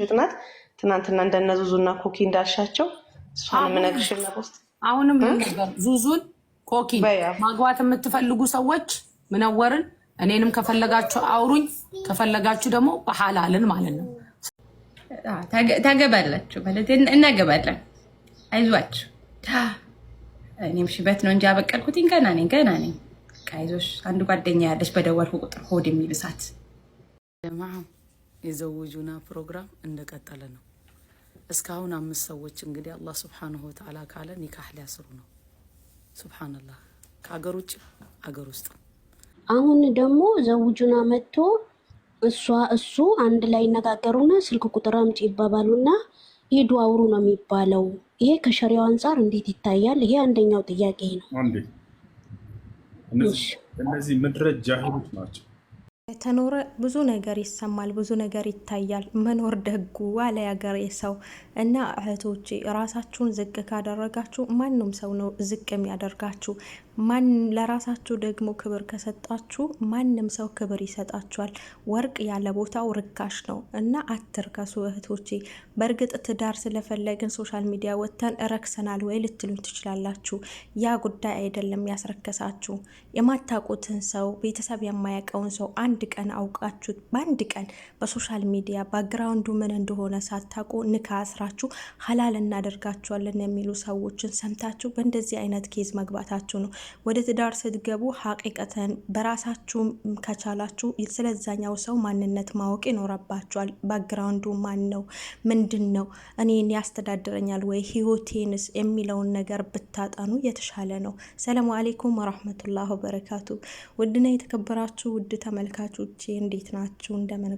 እህት ናት። ትናንትና እንደነ ዙዙና ኮኪ እንዳልሻቸው እሷን የምነግርሽና ፖስት አሁንም ነበር ዙዙን ኮኪ ማግባት የምትፈልጉ ሰዎች ምነወርን እኔንም ከፈለጋችሁ አውሩኝ፣ ከፈለጋችሁ ደግሞ በሐላልን ማለት ነው ታገባላችሁ ማለት እናገባለን። አይዟችሁ እኔም ሽበት ነው እንጂ ያበቀልኩትኝ ገና ነኝ ገና ነኝ። ከአይዞሽ አንድ ጓደኛ ያለች በደወልኩ ቁጥር ሆድ የሚልሳት እሳት የዘውጁና ፕሮግራም እንደቀጠለ ነው። እስካሁን አምስት ሰዎች እንግዲህ አላህ ስብሓንሁ ወተዓላ ካለ ኒካህ ሊያስሩ ነው። ስብሓንላህ ከአገር ውጭ አገር ውስጥ። አሁን ደግሞ ዘውጁና መጥቶ እሷ እሱ አንድ ላይ ይነጋገሩና ስልክ ቁጥር አምጪ ይባባሉና ሂዱ አውሩ ነው የሚባለው። ይሄ ከሸሪያው አንጻር እንዴት ይታያል? ይሄ አንደኛው ጥያቄ ነው። እነዚህ ምድረ ጃሂሎች ናቸው። ተኖረ ብዙ ነገር ይሰማል፣ ብዙ ነገር ይታያል። መኖር ደጉ ዋለ ያገሬ ሰው እና እህቶቼ ራሳችሁን ዝቅ ካደረጋችሁ ማንም ሰው ነው ዝቅ የሚያደርጋችሁ። ማን ለራሳችሁ ደግሞ ክብር ከሰጣችሁ ማንም ሰው ክብር ይሰጣችኋል። ወርቅ ያለ ቦታው ርካሽ ነው እና አትርከሱ እህቶቼ። በእርግጥ ትዳር ስለፈለግን ሶሻል ሚዲያ ወጥተን ረክሰናል ወይ ልትሉ ትችላላችሁ። ያ ጉዳይ አይደለም ያስረከሳችሁ። የማታውቁትን ሰው ቤተሰብ የማያውቀውን ሰው አንድ ቀን አውቃችሁት በአንድ ቀን በሶሻል ሚዲያ ባግራውንዱ ምን እንደሆነ ሳታውቁ ንካ አስራችሁ ሀላል እናደርጋችኋለን የሚሉ ሰዎችን ሰምታችሁ በእንደዚህ አይነት ኬዝ መግባታችሁ ነው። ወደ ትዳር ስትገቡ ሀቂቀተን በራሳችሁ ከቻላችሁ ስለዛኛው ሰው ማንነት ማወቅ ይኖረባችኋል። ባክግራውንዱ ማን ነው? ምንድን ነው? እኔን ያስተዳድረኛል ወይ ህይወቴንስ የሚለውን ነገር ብታጠኑ የተሻለ ነው። ሰላሙ አሌይኩም ወራህመቱላህ ወበረካቱ። ውድና የተከበራችሁ ውድ ተመልካቾቼ እንዴት ናችሁ?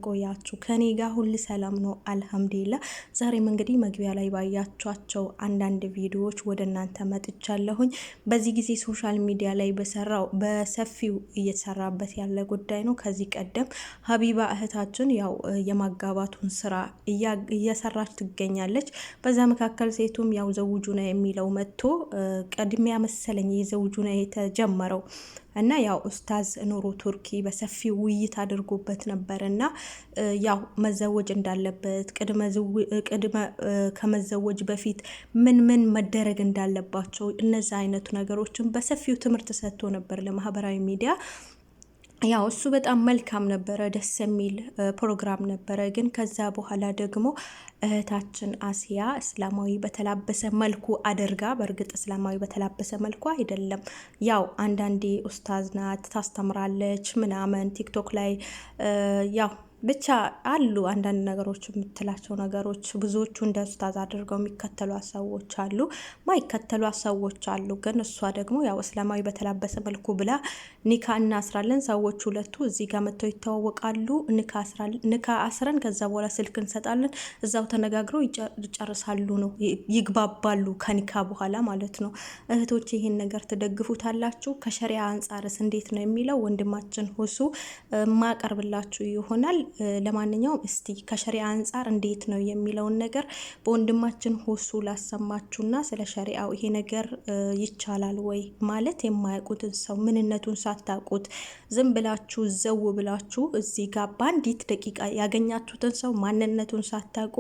ቆያችሁ? ከኔ ጋር ሁል ሰላም ነው አልሐምዱሊላ። ዛሬም እንግዲህ መግቢያ ላይ ባያችኋቸው አንዳንድ ቪዲዮዎች ወደ እናንተ መጥቻለሁኝ። በዚህ ጊዜ ሶሻል ሶሻል ሚዲያ ላይ በሰራው በሰፊው እየተሰራበት ያለ ጉዳይ ነው። ከዚህ ቀደም ሀቢባ እህታችን ያው የማጋባቱን ስራ እየሰራች ትገኛለች። በዛ መካከል ሴቱም ያው ዘውጁና የሚለው መጥቶ ቀድሚያ መሰለኝ የዘውጁና የተጀመረው እና ያው ኡስታዝ ኑሩ ቱርኪ በሰፊው ውይይት አድርጎበት ነበር እና ያው መዘወጅ እንዳለበት ቅድመ ከመዘወጅ በፊት ምን ምን መደረግ እንዳለባቸው እነዚ አይነቱ ነገሮችን በሰፊው ትምህርት ሰጥቶ ነበር ለማህበራዊ ሚዲያ ያው እሱ በጣም መልካም ነበረ፣ ደስ የሚል ፕሮግራም ነበረ። ግን ከዛ በኋላ ደግሞ እህታችን አሲያ እስላማዊ በተላበሰ መልኩ አድርጋ፣ በእርግጥ እስላማዊ በተላበሰ መልኩ አይደለም። ያው አንዳንዴ ኡስታዝ ናት፣ ታስተምራለች ምናምን ቲክቶክ ላይ ያው ብቻ አሉ አንዳንድ ነገሮች የምትላቸው ነገሮች ብዙዎቹ እንደ ኡስታዝ አድርገው የሚከተሏት ሰዎች አሉ፣ ማይከተሏት ሰዎች አሉ። ግን እሷ ደግሞ ያው እስላማዊ በተላበሰ መልኩ ብላ ኒካ እናስራለን፣ ሰዎች ሁለቱ እዚህ ጋር መጥተው ይተዋወቃሉ፣ ኒካ አስረን ከዛ በኋላ ስልክ እንሰጣለን፣ እዛው ተነጋግረው ይጨርሳሉ ነው ይግባባሉ፣ ከኒካ በኋላ ማለት ነው። እህቶች ይሄን ነገር ትደግፉታላችሁ? ከሸሪያ አንጻርስ እንዴት ነው የሚለው ወንድማችን ሁሱ ማቀርብላችሁ ይሆናል። ለማንኛውም እስቲ ከሸሪያ አንጻር እንዴት ነው የሚለውን ነገር በወንድማችን ሁሱ ላሰማችሁና ስለ ሸሪያው ይሄ ነገር ይቻላል ወይ ማለት የማያውቁትን ሰው ምንነቱን ሳታውቁት ዝም ብላችሁ ዘው ብላችሁ እዚህ ጋር በአንዲት ደቂቃ ያገኛችሁትን ሰው ማንነቱን ሳታውቁ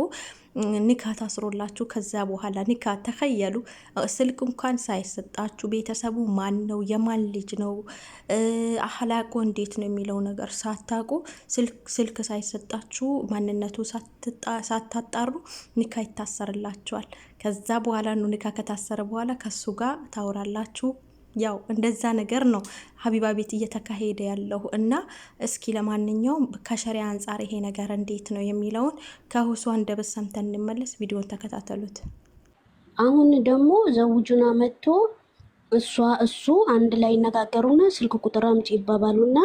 ኒካ ታስሮላችሁ ከዛ በኋላ ኒካ ተከየሉ ስልክ እንኳን ሳይሰጣችሁ ቤተሰቡ ማን ነው የማን ልጅ ነው አህላቆ እንዴት ነው የሚለው ነገር ሳታቁ ስልክ ሳይሰጣችሁ ማንነቱ ሳታጣሩ ኒካ ይታሰርላችኋል። ከዛ በኋላ ነው ኒካ ከታሰረ በኋላ ከሱ ጋር ታውራላችሁ። ያው እንደዛ ነገር ነው ሀቢባ ቤት እየተካሄደ ያለው እና እስኪ ለማንኛውም ከሸሪያ አንጻር ይሄ ነገር እንዴት ነው የሚለውን ከሁሱ አንደበት ሰምተን እንመለስ። ቪዲዮን ተከታተሉት። አሁን ደግሞ ዘውጁና መጥቶ እሷ እሱ አንድ ላይ ይነጋገሩና ስልክ ቁጥር አምጪ ይባባሉና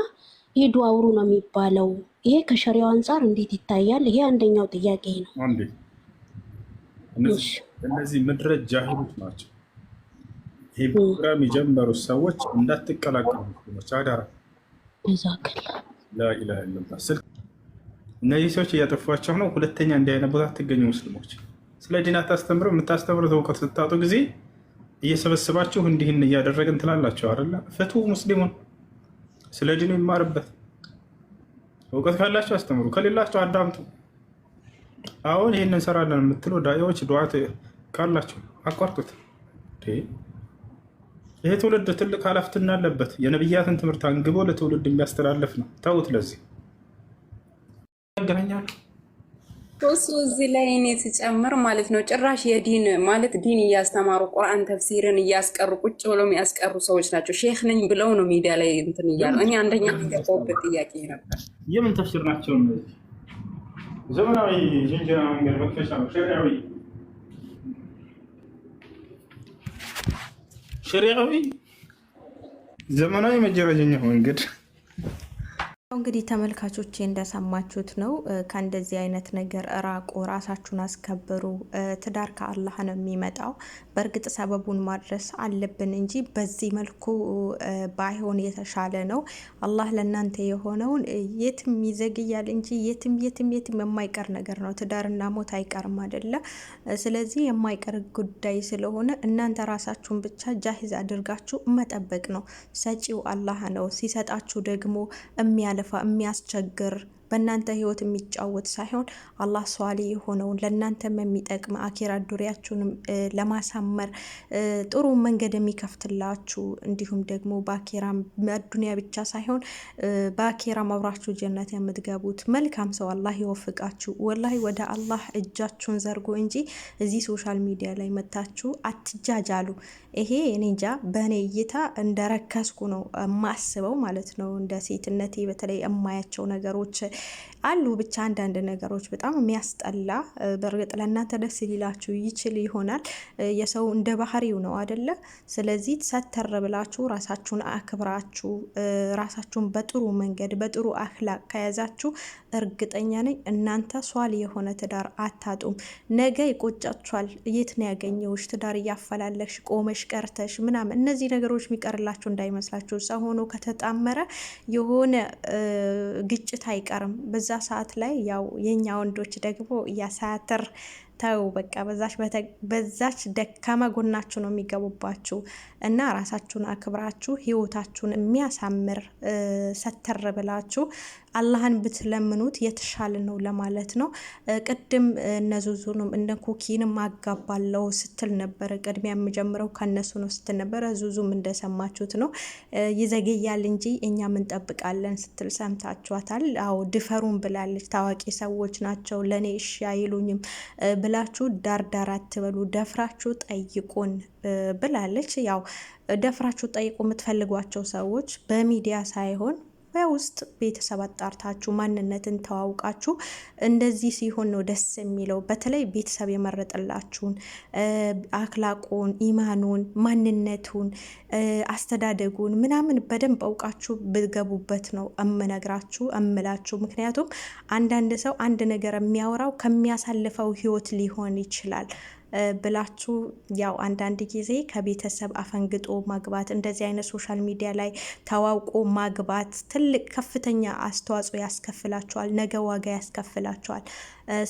ሂዱ አውሩ ነው የሚባለው። ይሄ ከሸሪያው አንጻር እንዴት ይታያል? ይሄ አንደኛው ጥያቄ ነው። እነዚህ ምድረ ጃሂሎች ናቸው። ይህ ፕሮግራም ሰዎች እንዳትቀላቀሉ ች አዳራ ላኢላ ላ ስል እነዚህ ሰዎች እያጠፏቸው ነው። ሁለተኛ እንዲህ አይነት ቦታ አትገኙ። ሙስሊሞች ስለ ዲን አታስተምሩ። የምታስተምሩት እውቀት ስታጡ ጊዜ እየሰበሰባችሁ እንዲህን እያደረግን ትላላቸው አለ። ፍቱ ሙስሊሙን ስለ ዲኑ ይማርበት። እውቀት ካላቸው አስተምሩ፣ ከሌላቸው አዳምጡ። አሁን ይህን እንሰራለን የምትሉ ዳያዎች ዱዓት ካላቸው አቋርጡት። ይሄ ትውልድ ትልቅ ኃላፊነት አለበት። የነቢያትን ትምህርት አንግቦ ለትውልድ የሚያስተላልፍ ነው። ተውት። ለዚህ ያገናኛሉ እሱ እዚህ ላይ እኔ ስጨምር ማለት ነው ጭራሽ የዲን ማለት ዲን እያስተማሩ ቁርአን ተፍሲርን እያስቀሩ ቁጭ ብሎ የሚያስቀሩ ሰዎች ናቸው። ሼክ ነኝ ብለው ነው ሚዲያ ላይ እንትን እያሉ እኔ አንደኛ ገባውበት ጥያቄ ነበር። የምን ተፍሲር ናቸው እነዚህ? ዘመናዊ ጀንጀና መንገድ መክፈሻ ነው ሸሪዓዊ ሸሪዓዊ ዘመናዊ መጀረጀኛ መንገድ እንግዲህ ተመልካቾቼ እንደሰማችሁት ነው። ከእንደዚህ አይነት ነገር ራቆ ራሳችሁን አስከብሩ። ትዳር ከአላህ ነው የሚመጣው። በእርግጥ ሰበቡን ማድረስ አለብን እንጂ በዚህ መልኩ ባይሆን የተሻለ ነው። አላህ ለእናንተ የሆነውን የትም ይዘግያል እንጂ የትም የትም የትም የማይቀር ነገር ነው። ትዳርና ሞት አይቀርም አይደለ? ስለዚህ የማይቀር ጉዳይ ስለሆነ እናንተ ራሳችሁን ብቻ ጃሂዝ አድርጋችሁ መጠበቅ ነው። ሰጪው አላህ ነው። ሲሰጣችሁ ደግሞ የሚያለ የሚገፋ የሚያስቸግር በእናንተ ህይወት የሚጫወት ሳይሆን አላህ ሷሊ የሆነውን ለእናንተም የሚጠቅም አኪራ ዱሪያችሁንም ለማሳመር ጥሩ መንገድ የሚከፍትላችሁ እንዲሁም ደግሞ በአኪራ በዱኒያ ብቻ ሳይሆን በአኪራ መብራችሁ ጀነት የምትገቡት መልካም ሰው አላህ ይወፍቃችሁ። ወላሂ ወደ አላህ እጃችሁን ዘርጎ እንጂ እዚህ ሶሻል ሚዲያ ላይ መታችሁ አትጃጃሉ። ይሄ እኔ እንጃ በእኔ እይታ እንደረከስኩ ነው የማስበው ማለት ነው። እንደ ሴትነቴ በተለይ የማያቸው ነገሮች አሉ ብቻ አንዳንድ ነገሮች በጣም የሚያስጠላ። በእርግጥ ለእናንተ ደስ ሊላችሁ ይችል ይሆናል። የሰው እንደ ባህሪው ነው አደለ? ስለዚህ ሰተር ብላችሁ ራሳችሁን አክብራችሁ ራሳችሁን በጥሩ መንገድ በጥሩ አክላቅ ከያዛችሁ እርግጠኛ ነኝ እናንተ ሷል የሆነ ትዳር አታጡም። ነገ ይቆጫችኋል። የት ነው ያገኘውሽ ትዳር እያፈላለሽ ቆመሽ ቀርተሽ ምናምን። እነዚህ ነገሮች የሚቀርላችሁ እንዳይመስላችሁ። ሰው ሆኖ ከተጣመረ የሆነ ግጭት አይቀርም። አይቀርም። በዛ ሰዓት ላይ ያው የእኛ ወንዶች ደግሞ እያሳያትር ተው በቃ በዛች ደካማ ጎናችሁ ነው የሚገቡባችሁ እና ራሳችሁን አክብራችሁ ህይወታችሁን የሚያሳምር ሰተር ብላችሁ አላህን ብትለምኑት የተሻለ ነው ለማለት ነው። ቅድም እነ ዙዙንም እነ ኩኪንም አጋባለው ስትል ነበረ። ቅድሚያ የምጀምረው ከነሱ ነው ስትል ነበረ። ዙዙም እንደሰማችሁት ነው። ይዘገያል እንጂ እኛ ምንጠብቃለን ስትል ሰምታችኋታል። አዎ ድፈሩን ብላለች። ታዋቂ ሰዎች ናቸው ለእኔ እሺ አይሉኝም ብላችሁ ዳርዳር አትበሉ፣ ደፍራችሁ ጠይቁን ብላለች። ያው ደፍራችሁ ጠይቁ የምትፈልጓቸው ሰዎች በሚዲያ ሳይሆን ኢትዮጵያ ውስጥ ቤተሰብ አጣርታችሁ ማንነትን ተዋውቃችሁ እንደዚህ ሲሆን ነው ደስ የሚለው። በተለይ ቤተሰብ የመረጠላችሁን አክላቁን፣ ኢማኑን፣ ማንነቱን፣ አስተዳደጉን ምናምን በደንብ አውቃችሁ ብገቡበት ነው እምነግራችሁ እምላችሁ። ምክንያቱም አንዳንድ ሰው አንድ ነገር የሚያወራው ከሚያሳልፈው ህይወት ሊሆን ይችላል። ብላችሁ ያው አንዳንድ ጊዜ ከቤተሰብ አፈንግጦ ማግባት እንደዚህ አይነት ሶሻል ሚዲያ ላይ ተዋውቆ ማግባት ትልቅ ከፍተኛ አስተዋጽኦ ያስከፍላችኋል፣ ነገ ዋጋ ያስከፍላችኋል።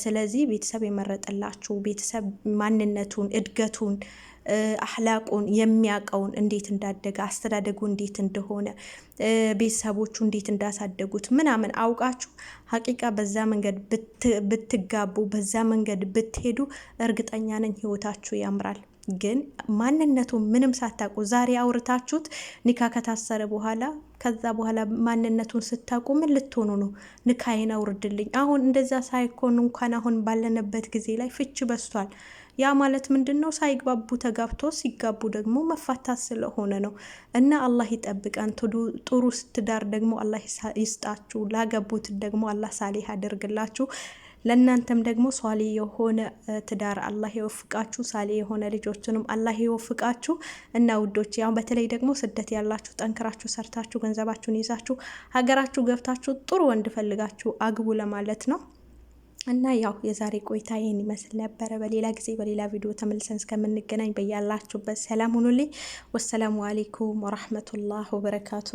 ስለዚህ ቤተሰብ የመረጠላችሁ ቤተሰብ ማንነቱን እድገቱን አህላቁን የሚያቀውን እንዴት እንዳደገ አስተዳደጉ እንዴት እንደሆነ ቤተሰቦቹ እንዴት እንዳሳደጉት ምናምን አውቃችሁ ሀቂቃ በዛ መንገድ ብትጋቡ በዛ መንገድ ብትሄዱ እርግጠኛ ነኝ ህይወታችሁ ያምራል። ግን ማንነቱ ምንም ሳታውቁ ዛሬ አውርታችሁት ኒካ ከታሰረ በኋላ ከዛ በኋላ ማንነቱን ስታውቁ ምን ልትሆኑ ነው? ንካዬን አውርድልኝ። አሁን እንደዛ ሳይኮን እንኳን አሁን ባለንበት ጊዜ ላይ ፍች በስቷል ያ ማለት ምንድን ነው? ሳይግባቡ ተጋብቶ ሲጋቡ ደግሞ መፋታት ስለሆነ ነው። እና አላህ ይጠብቀን። ጥሩ ስትዳር ደግሞ አላህ ይስጣችሁ። ላገቡት ደግሞ አላህ ሳሌህ ያደርግላችሁ። ለእናንተም ደግሞ ሷሊ የሆነ ትዳር አላህ ይወፍቃችሁ። ሳሊ የሆነ ልጆችንም አላህ ይወፍቃችሁ። እና ውዶች ያው በተለይ ደግሞ ስደት ያላችሁ ጠንክራችሁ ሰርታችሁ ገንዘባችሁን ይዛችሁ ሀገራችሁ ገብታችሁ ጥሩ ወንድ ፈልጋችሁ አግቡ ለማለት ነው። እና ያው የዛሬ ቆይታ ይህን ይመስል ነበረ። በሌላ ጊዜ በሌላ ቪዲዮ ተመልሰን እስከምንገናኝ በያላችሁበት ሰላም ሁኑልኝ። ወሰላሙ አሌይኩም ወራህመቱላህ ወበረካቱ